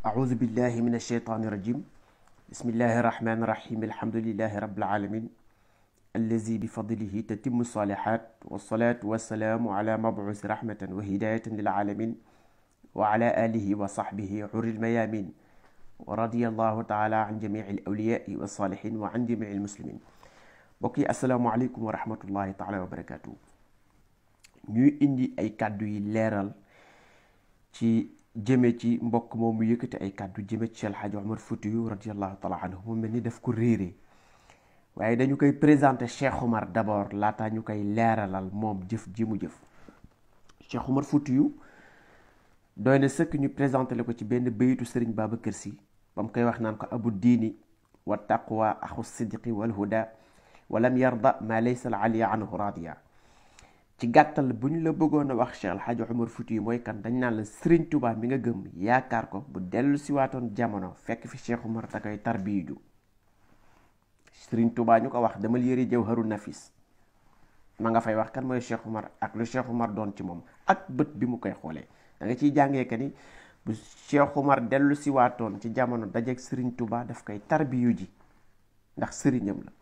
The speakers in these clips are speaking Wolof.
أعوذ بالله من الشيطان الرجيم بسم الله الرحمن الرحيم الحمد لله رب العالمين الذي بفضله تتم الصالحات والصلاة والسلام على مبعوث رحمة وهداية للعالمين وعلى آله وصحبه عر الميامين ورضي الله تعالى عن جميع الأولياء والصالحين وعن جميع المسلمين بقي السلام عليكم ورحمة الله تعالى وبركاته نيو إندي أي كادو ليرال ci jëme ci mbokk moom mu yëkkati ay kàddu jëme ci Cheikh Hadji Omar Foutiyu radiallahu taala anhu mu mel ni daf ko réeree waaye dañu koy présenté Cheikh Omar d'abord laataa ñu koy leeralal moom jëf ji mu jëf Cheikh Omar Foutiyu doy na sëkk ñu présenté la ko ci benn bayitu Sëriñ Babacar Si ba mu koy wax naan ko abu diini wa taqwa axu sidqi wal huda walam yarda ma laysa al aliya anhu radiya ci gàttal bu ñu la bëggoon a wax Cheikh El Hadj Omar Fouti yi mooy kan dañ naan la Serigne Touba mi nga gëm yaakaar ko bu dellu siwaatoon jamono fekk fi Cheikh Omar da koy tarbiiju Serigne Touba ñu ko wax dama yëri Jawharu Nafis ma nga fay wax kan mooy Cheikh ak lu Cheikh doon ci moom ak bët bi mu koy xoolee da nga ciy jàngee que ni bu Cheikh dellu siwaatoon ci jamono dajeeg Serigne Touba daf koy tarbiyu ji ndax sëriñam la.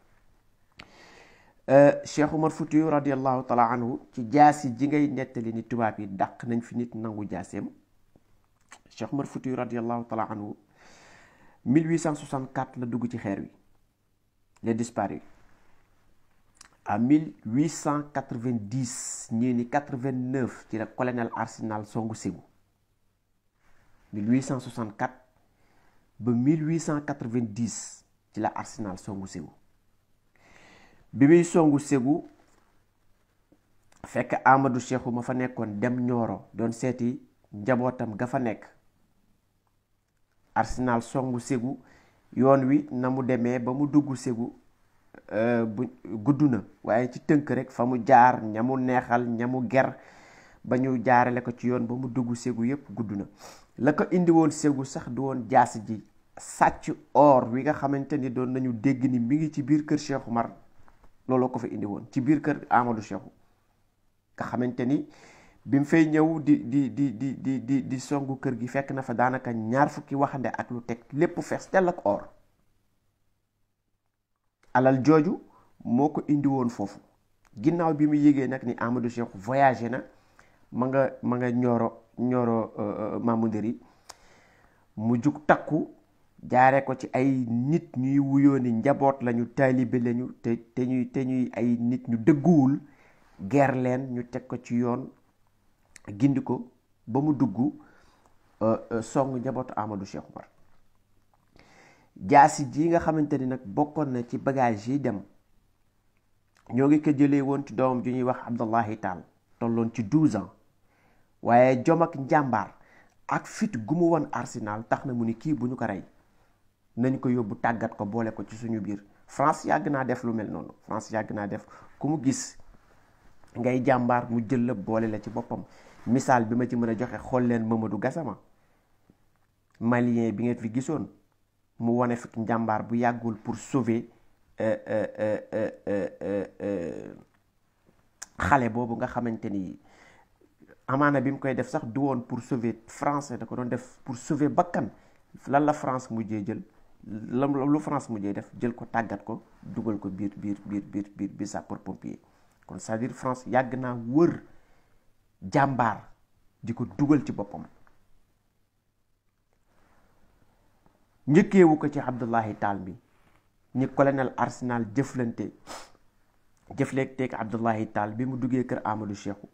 Euh, cheikh omar Foutiyu radiyallahu taala anhu ci jasi ji ngay netali ni tubaab yi dak nañ fi nit nangu jaaseem cheikh omar Foutiyu radiyallahu taala anhu 1864 la dugg ci xeer wi les disparus à 1890 ñi ni 89 ci la colonel Arsenal songu 1864 ba 1890 ci la Arsenal songu bi muy songu ségu fekk Amadou Cheikhou ma fa nekkoon dem ñooro doon seeti njabootam ga fa nekk Arsenal songu ségu yoon wi na mu demee ba mu dugg ségu euh, bu gudd na waaye ci tënk rek fa mu jaar ña mu neexal ña mu ger ba ñu jaarale ko ci yoon ba mu dugg ségu yépp gudd na la ko indi woon ségu sax du woon jaas ji sàcc or wi nga xamante ni doon nañu dégg ni mu ngi ci biir kër Cheikh mar looloo ko fi indi woon ci biir kër amadou cheikhou nga xamante ni fay ñëw di di di di di di di songu kër gi fekk na fa daanaka ñaar fukki waxande ak lu teg lépp fees tel ak or alal jooju moo ko indi woon foofu ginnaaw bi mu yégee nag ni amadou cheikhou voyagé na ma nga ma nga ñoro euh, euh, mamoudéri mu juk takku jaare ko ci ay nit ñuy wuyoo njaboot lañu taalibe lañu te te ñuy ay nit ñu dëgguwul ger leen ñu teg ko ci yoon gindi ko ba mu dugg euh, euh, song njabootu Amadou Cheikh Oumar jaasi ji nga xamante ni nag bokkoon na ci bagage yi dem ñoo ngi ko jëlee woon ci doomam ju ñuy wax Abdullahi Tall tolloon ci 12 ans waaye jom ak njàmbaar ak fit gu mu woon Arsenal tax na mu ni kii bu ñu ko rey nañ ko yóbbu tàggat ko boole ko ci suñu biir France yàgg naa def lu mel noonu France yàgg naa def ku mu gis ngay jàmbaar mu jël la boole la ci boppam misaal bi ma ci mën a joxe xool leen Mamadou gasama malien bi ngeen fi gisoon mu wane fi njàmbaar bu yàggul pour sauver euh, euh, euh, xale boobu nga xamante ni amaana bi mu koy def sax du woon pour sauver français da ko doon def pour sauver bakkan lan la France mujjee jël lam lu France mujjee def jël ko tàggat ko dugal ko biir biir biir biir biir biir sapeur pompier kon cest à France yàgg naa wër jàmbaar di ko dugal ci boppam njëkkewu ko ci Abdullahi Taal bi ñi colonel Arsenal jëflante jëflanteeg Abdullahi Taal bi mu duggee kër amadu Cheikhou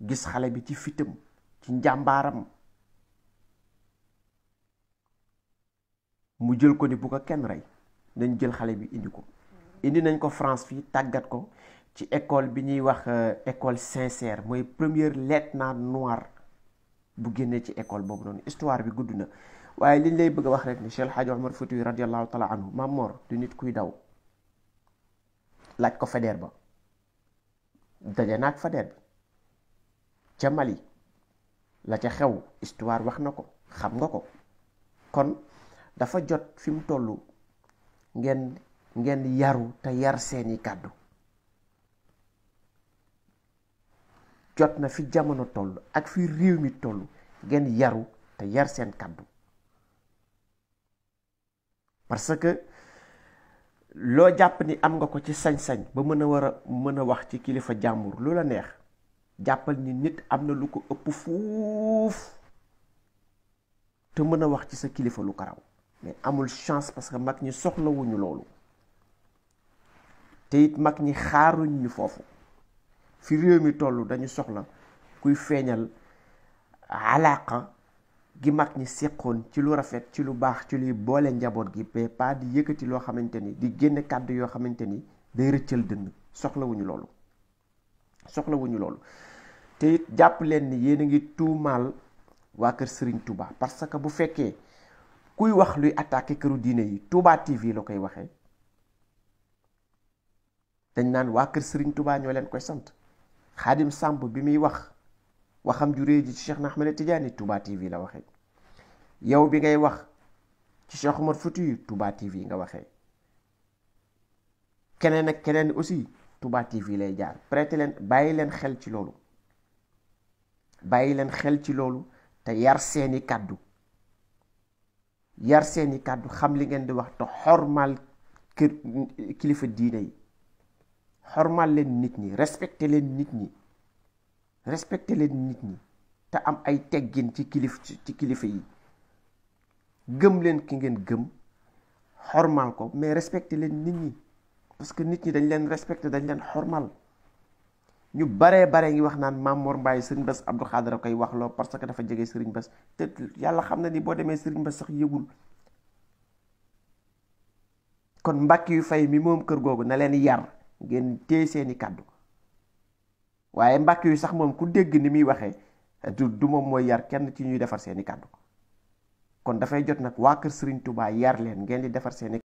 gis xale bi ci fitam ci njàmbaaram mu jël ko ni bu ko kenn rey nañ jël xale bi indi ko indi nañ ko France fii tàggat ko ci école bi ñuy wax euh, école sincère mooy première lieutenant noir bu génnee ci école boobu noonu histoire bi gudd na waaye liñ lay bëgg a wax rek ni Cheikh El Hadj Omar Foutiyou radiallahu taala anhu maam Mor du nit kuy daw laaj ko Faidherbe ba daje naag Faidherbe bi ca Mali la ca xew histoire wax na ko xam nga ko kon dafa jot fim tolu, ngeen ngeen yaru ta yar seeni kaddu jot na fi jamono tollu ak fi réew mi tollu ngeen yaru ta yar seen kaddu parce que lo japp ni am nga ko ci sañ-sañ ba mën wara war wax ci kilifa lu la neex jappal ni nit amna luku lu ko ëpp fuuf te mën wax ci sa kilifa lu karaw mais amul chance parce que mag ñi soxlawuñu loolu te mag ñi xaaruñ ñu foofu fi réew mi tollu dañu soxla kuy feeñal alaaka gi mag ñi seqoon ci lu rafet ci lu baax ci luy boole njaboot gi mais pas di yëkkati loo xamante ni di génn kàddu yoo xamante ni day rëccal dënn soxlawuñu loolu soxlawuñu loolu te jàpp leen ni yéen a ngi tuumaal waa kër Serigne Touba parce que bu fekkee kuy wax luy attaqué këru diine yi Touba TV la koy waxee dañ naan waa kër Serigne Touba ñoo leen koy sant Xaadim Samb bi muy wax waxam ju réy ji ci Cheikh na Ahmed Tidiane Touba TV la waxee yow bi ngay wax ci Cheikh Omar Fouti Touba TV nga waxee keneen ak keneen aussi Touba TV lay jaar prêter leen bàyyi leen xel ci loolu bàyyi leen xel ci loolu te yar seeni kàddu yar seeni kàddu xam li ngeen di wax te xormal kër kilifa diine yi xormal leen nit ñi respecté leen nit ñi respecté leen nit ñi te am ay teggin ci kilifa ci kilifa yi gëm leen ki ngeen gëm xormal ko mais respecté leen nit ñi parce que nit ñi dañ leen respecté dañ leen xormal ñu bare bare ngi wax naan Mamour Mbaye Serigne Bass Abdou Khadra koy wax lo parce que dafa jégué Serigne Bass té yalla xamna ni bo démé Serigne Bass sax yegul kon mbàkk yu fay mi mom kër gogou na leen yar ngeen té seeni kàddu waaye mbàkk yu sax mom ku dégg ni mi waxé du du mom moy yar kenn ci ñuy défar seeni kàddu kon fay jot nak wa kër Serigne Touba yar leen ngeen di défar seeni